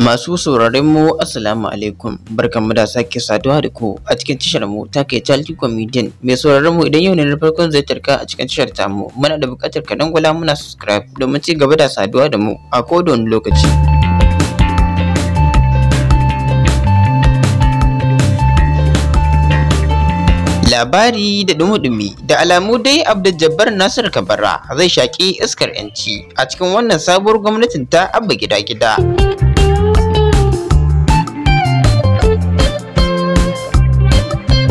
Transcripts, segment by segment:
Masu sauraron mu Assalamu alaikum barkanmu da sake saduwa da ku a cikin tashar mu ta kai Charlie Comedian mai sauraron mu idan yau ne na farkon zai ka a cikin tashar ta mu muna da bukatar ka dangwala muna subscribe domin ci gaba da saduwa da mu a kowane lokaci. Labari da dumi-dumi da alamu dai Abdul Jabbar Nasir Kabara zai shaƙi iskar 'yanci a cikin wannan sabuwar gwamnatin ta abba gida-gida.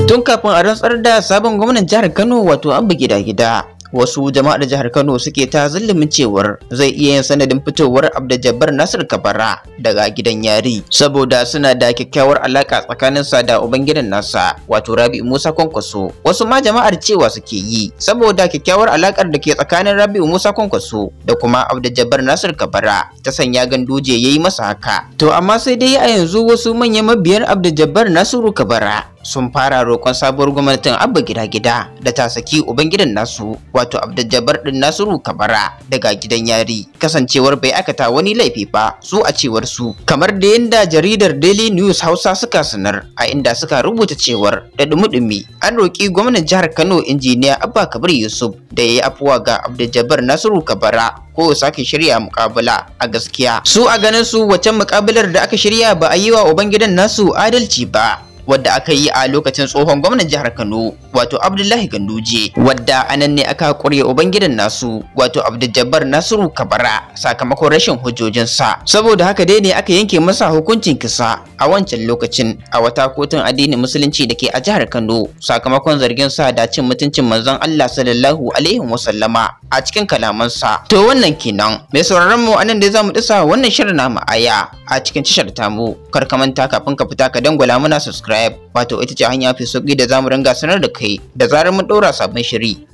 tun kafin a rantsar da sabon gwamnan jihar kano wato abba gida gida wasu jama'ar jihar kano suke ta zulumin cewar zai iya yin sanadin fitowar abdajabbar nasir kabara daga gidan yari saboda suna da kyakkyawar alaka sa da ubangidan nasa wato rabi musa kwankwaso wasu ma jama'ar cewa suke yi saboda kyakkyawar alakar da ke tsakanin Rabi'u musa kwankwaso da kuma abdajabbar nasir kabara ta sanya ganduje ya yi masa haka to amma sai dai a yanzu wasu manyan mabiyan abdajabbar nasiru kabara sun fara roƙon sabuwar gwamnatin abba gida gida da ta saki ubangidan nasu wato Abdajabar din nasiru kabara daga gidan yari kasancewar bai aikata wani laifi ba su a cewar su kamar da yadda jaridar daily news hausa suka sanar a inda suka rubuta cewar da dumi an roƙi gwamnan jihar kano injiniya abba kabir yusuf da ya yi afuwa ga Abdajabar nasiru kabara ko sake shirya mukabala a gaskiya su a ganin su wacce mukabalar da aka shirya ba a yi wa ubangidan nasu adalci ba wadda aka yi a lokacin tsohon gwamnan jihar Kano wato Abdullahi Ganduje wadda anan ne aka kurye ubangidan nasu wato Abdul Nasiru Kabara sakamakon rashin sa saboda haka dai ne aka yanke masa hukuncin kisa a wancan lokacin a wata kotun addinin musulunci da ke a jihar Kano sakamakon zargin sa da cin mutuncin manzon Allah sallallahu alaihi wasallama a cikin kalaman sa to wannan kenan mai sauraron mu anan dai zamu disa wannan shirin namu aya a cikin tashar tamu kar ka manta kafin ka fita ka dangwala muna subscribe subscribe wato ita ce hanya mafi sauki da zamu ringa sanar da kai da zarar mun ɗora sabon shiri